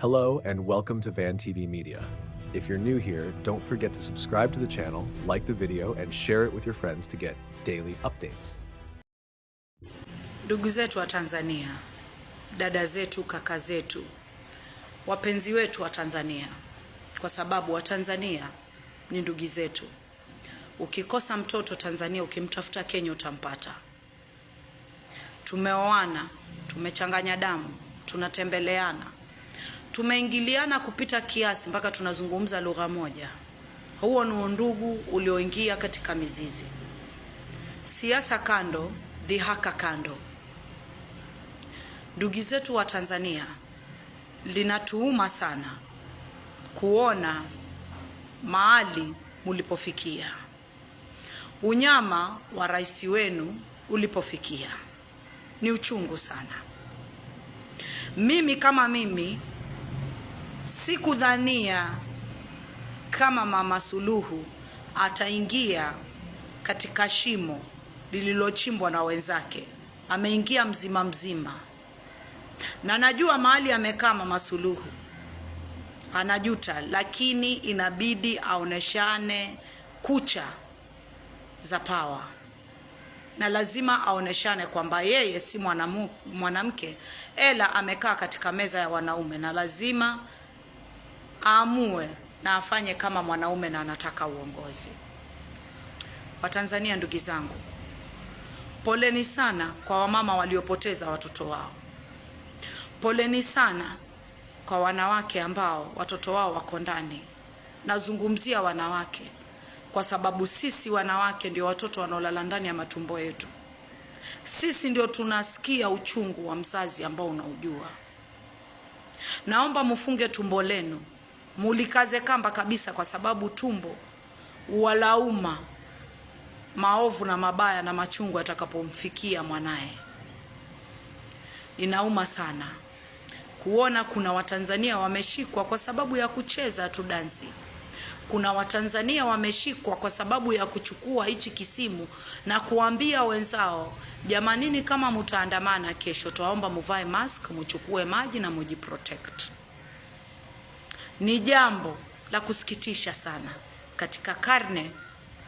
Hello and welcome to Van TV Media. If you're new here, don't forget to subscribe to the channel, like the video, and share it with your friends to get daily updates. Ndugu zetu wa Tanzania, dada zetu, kaka zetu, wapenzi wetu wa Tanzania, kwa sababu wa Tanzania ni ndugu zetu. Ukikosa mtoto Tanzania, ukimtafuta Kenya utampata. Tumeoana, tumechanganya damu, tunatembeleana tumeingiliana kupita kiasi mpaka tunazungumza lugha moja. Huo ni undugu ulioingia katika mizizi. Siasa kando, dhihaka kando. Ndugu zetu wa Tanzania, linatuuma sana kuona mahali mulipofikia, unyama wa rais wenu ulipofikia, ni uchungu sana. Mimi kama mimi Sikudhania kama Mama Suluhu ataingia katika shimo lililochimbwa na wenzake. Ameingia mzima mzima, na najua mahali amekaa Mama Suluhu anajuta, lakini inabidi aoneshane kucha za pawa na lazima aoneshane kwamba yeye si mwanamke, ela amekaa katika meza ya wanaume na lazima aamue na afanye kama mwanaume na anataka uongozi. Watanzania ndugu zangu, poleni sana kwa wamama waliopoteza watoto wao. Poleni sana kwa wanawake ambao watoto wao wako ndani. Nazungumzia wanawake kwa sababu sisi wanawake ndio watoto wanaolala ndani ya matumbo yetu. Sisi ndio tunasikia uchungu wa mzazi ambao unaujua. Naomba mfunge tumbo lenu mulikaze kamba kabisa, kwa sababu tumbo walauma maovu na mabaya na machungu atakapomfikia mwanaye. Inauma sana kuona kuna Watanzania wameshikwa kwa sababu ya kucheza tu dansi. Kuna Watanzania wameshikwa kwa sababu ya kuchukua hichi kisimu na kuambia wenzao, jamanini, kama mtaandamana kesho, twaomba muvae mask, muchukue maji na mujiprotect. Ni jambo la kusikitisha sana katika karne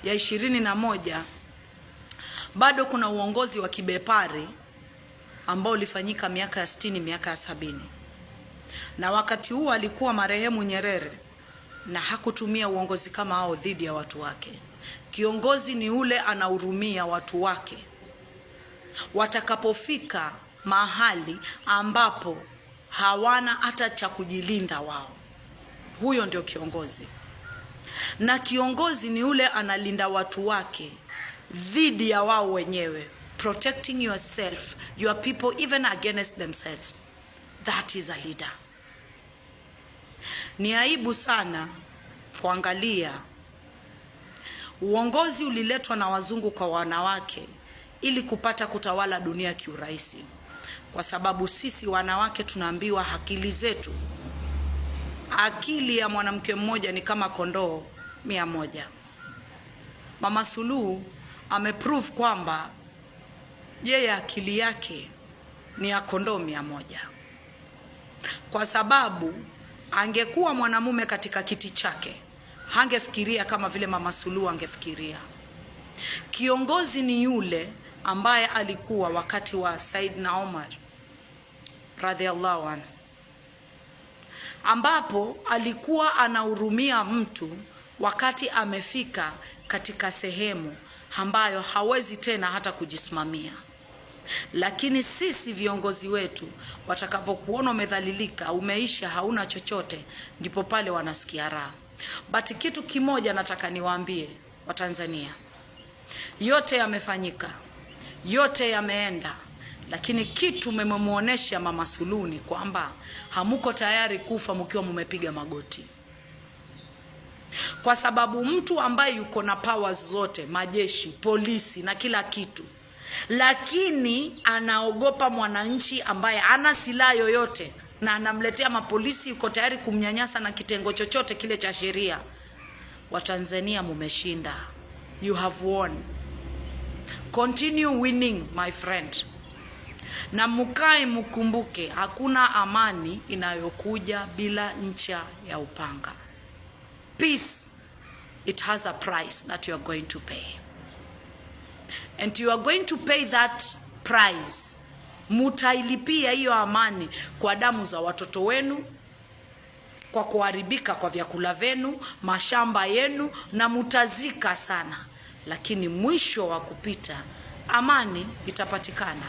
ya ishirini na moja bado kuna uongozi wa kibepari ambao ulifanyika miaka ya sitini, miaka ya sabini, na wakati huo alikuwa marehemu Nyerere na hakutumia uongozi kama hao dhidi ya watu wake. Kiongozi ni ule anahurumia watu wake watakapofika mahali ambapo hawana hata cha kujilinda wao huyo ndio kiongozi, na kiongozi ni yule analinda watu wake dhidi ya wao wenyewe, protecting yourself your people even against themselves, that is a leader. Ni aibu sana kuangalia uongozi uliletwa na wazungu kwa wanawake ili kupata kutawala dunia kiurahisi, kwa sababu sisi wanawake tunaambiwa akili zetu akili ya mwanamke mmoja ni kama kondoo mia moja. Mama Suluhu ameprove kwamba yeye akili yake ni ya kondoo mia moja, kwa sababu angekuwa mwanamume katika kiti chake hangefikiria kama vile Mama Suluhu angefikiria. Kiongozi ni yule ambaye alikuwa wakati wa Saidna Omar radhiallahu anhu ambapo alikuwa anahurumia mtu wakati amefika katika sehemu ambayo hawezi tena hata kujisimamia. Lakini sisi viongozi wetu watakavyokuona umedhalilika, umeisha, hauna chochote, ndipo pale wanasikia raha. But kitu kimoja nataka niwaambie Watanzania, yote yamefanyika, yote yameenda, lakini kitu mmemwonyesha Mama Suluhu ni kwamba hamuko tayari kufa mkiwa mmepiga magoti, kwa sababu mtu ambaye yuko na powers zote, majeshi, polisi na kila kitu, lakini anaogopa mwananchi ambaye ana silaha yoyote na anamletea mapolisi, yuko tayari kumnyanyasa na kitengo chochote kile cha sheria. Watanzania mumeshinda, you have won, continue winning my friend na mukae mkumbuke hakuna amani inayokuja bila ncha ya upanga. Peace it has a price that you are going to pay and you are going to pay that price. Mutailipia hiyo amani kwa damu za watoto wenu, kwa kuharibika kwa vyakula vyenu, mashamba yenu, na mutazika sana, lakini mwisho wa kupita amani itapatikana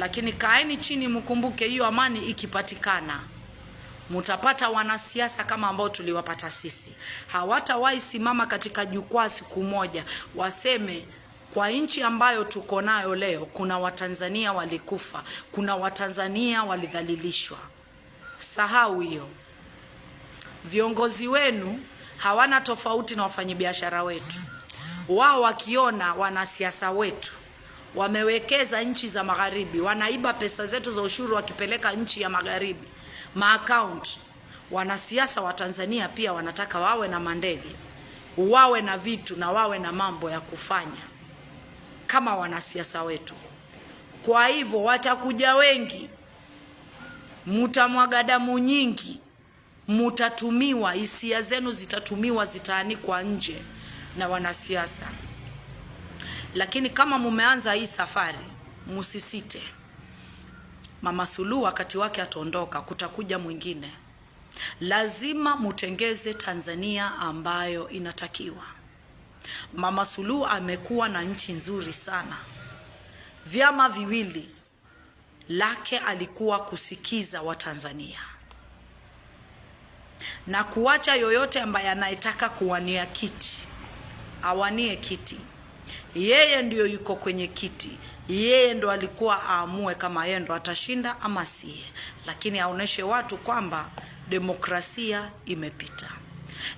lakini kaeni chini, mkumbuke hiyo amani ikipatikana mutapata wanasiasa kama ambao tuliwapata sisi. Hawatawahi simama katika jukwaa siku moja waseme kwa nchi ambayo tuko nayo leo, kuna Watanzania walikufa, kuna Watanzania walidhalilishwa. Sahau hiyo. Viongozi wenu hawana tofauti na wafanyabiashara wetu. Wao wakiona wanasiasa wetu wamewekeza nchi za magharibi, wanaiba pesa zetu za ushuru wakipeleka nchi ya magharibi maakaunti. Wanasiasa wa Tanzania pia wanataka wawe na mandege, wawe na vitu na wawe na mambo ya kufanya kama wanasiasa wetu. Kwa hivyo watakuja wengi, mutamwaga damu nyingi, mutatumiwa, hisia zenu zitatumiwa, zitaanikwa nje na wanasiasa. Lakini kama mumeanza hii safari, msisite. Mama Suluhu wakati wake ataondoka, kutakuja mwingine. Lazima mutengeze Tanzania ambayo inatakiwa. Mama Suluhu amekuwa na nchi nzuri sana. Vyama viwili lake alikuwa kusikiza Watanzania na kuwacha yoyote ambaye anayetaka kuwania kiti awanie kiti. Yeye ndiyo yuko kwenye kiti, yeye ndo alikuwa aamue kama yeye ndo atashinda ama siye, lakini aoneshe watu kwamba demokrasia imepita.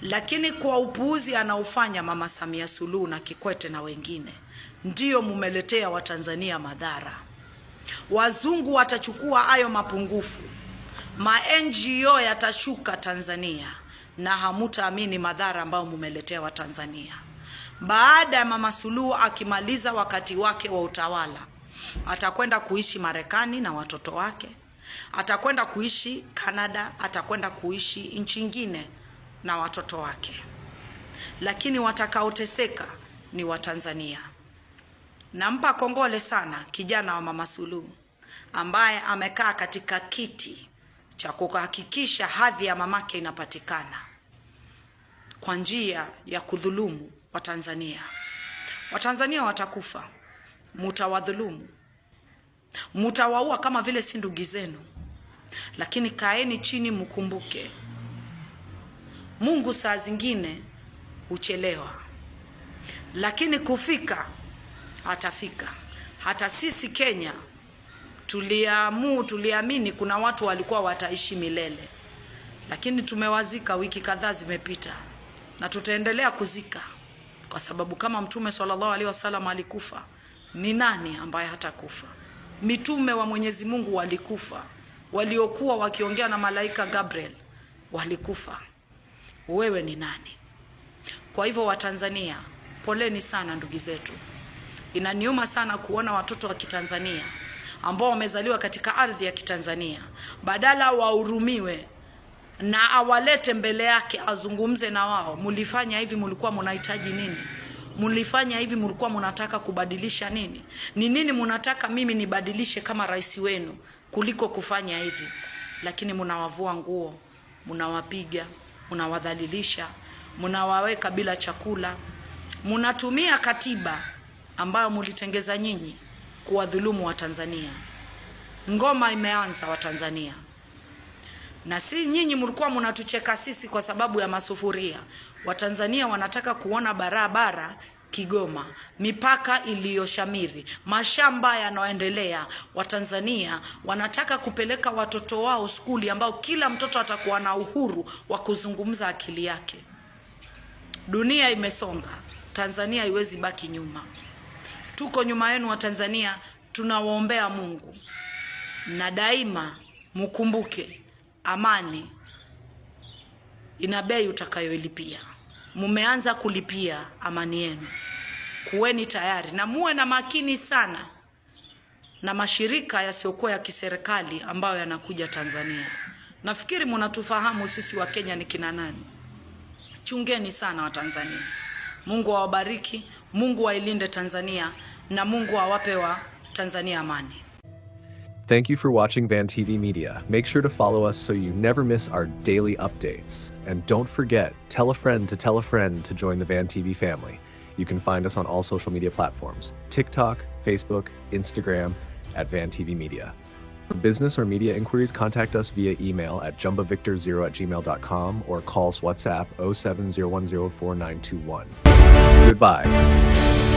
Lakini kwa upuuzi anaofanya Mama Samia Suluhu na Kikwete na wengine, ndiyo mumeletea Watanzania madhara. Wazungu watachukua hayo mapungufu, ma NGO yatashuka Tanzania na hamutaamini madhara ambayo mumeletea Watanzania baada ya Mama Suluhu akimaliza wakati wake wa utawala, atakwenda kuishi Marekani na watoto wake, atakwenda kuishi Kanada, atakwenda kuishi nchi nyingine na watoto wake, lakini watakaoteseka ni Watanzania. Nampa kongole sana kijana wa Mama Suluhu ambaye amekaa katika kiti cha kuhakikisha hadhi ya mamake inapatikana kwa njia ya kudhulumu Watanzania. Watanzania watakufa, mutawadhulumu, mutawaua kama vile si ndugu zenu, lakini kaeni chini, mkumbuke Mungu. Saa zingine huchelewa, lakini kufika atafika. Hata sisi Kenya tuliamu tuliamini kuna watu walikuwa wataishi milele, lakini tumewazika wiki kadhaa zimepita, na tutaendelea kuzika kwa sababu kama Mtume sallallahu alaihi wasallam alikufa, ni nani ambaye hatakufa? Mitume wa Mwenyezi Mungu walikufa, waliokuwa wakiongea na malaika Gabriel walikufa. Wewe ni nani? Kwa hivyo, Watanzania, poleni sana ndugu zetu. Inaniuma sana kuona watoto wa Kitanzania ambao wamezaliwa katika ardhi ya Kitanzania badala wahurumiwe na awalete mbele yake azungumze na wao. Mulifanya hivi, mulikuwa munahitaji nini? Mulifanya hivi, mulikuwa munataka kubadilisha nini? Ni nini munataka mimi nibadilishe kama rais wenu kuliko kufanya hivi? Lakini munawavua nguo, munawapiga, munawadhalilisha, munawaweka bila chakula, munatumia katiba ambayo mulitengeza nyinyi kuwadhulumu Watanzania. Ngoma imeanza Watanzania na si nyinyi mlikuwa mnatucheka sisi kwa sababu ya masufuria. Watanzania wanataka kuona barabara Kigoma, mipaka iliyoshamiri, mashamba yanayoendelea. Watanzania wanataka kupeleka watoto wao skuli ambao kila mtoto atakuwa na uhuru wa kuzungumza akili yake. Dunia imesonga, Tanzania haiwezi baki nyuma. Tuko nyuma yenu wa Tanzania, tunawaombea Mungu na daima mkumbuke amani ina bei utakayoilipia Mmeanza kulipia amani yenu, kuweni tayari na muwe na makini sana na mashirika yasiyokuwa ya kiserikali ambayo yanakuja Tanzania. Nafikiri mnatufahamu sisi wa Kenya ni kina nani. Chungeni sana Watanzania. Mungu awabariki, Mungu ailinde Tanzania na Mungu awape wa Tanzania amani. Thank you for watching Van TV Media. Make sure to follow us so you never miss our daily updates. And don't forget, tell a friend to tell a friend to join the Van TV family. You can find us on all social media platforms TikTok, Facebook, Instagram, at Van TV Media. For business or media inquiries, contact us via email at jumbavictor0 at gmail.com or call us WhatsApp 070104921. Goodbye.